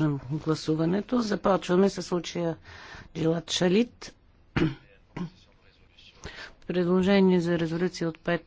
Можем гласуването. Започваме с случая Джилат Шалит. Предложение за резолюция от пет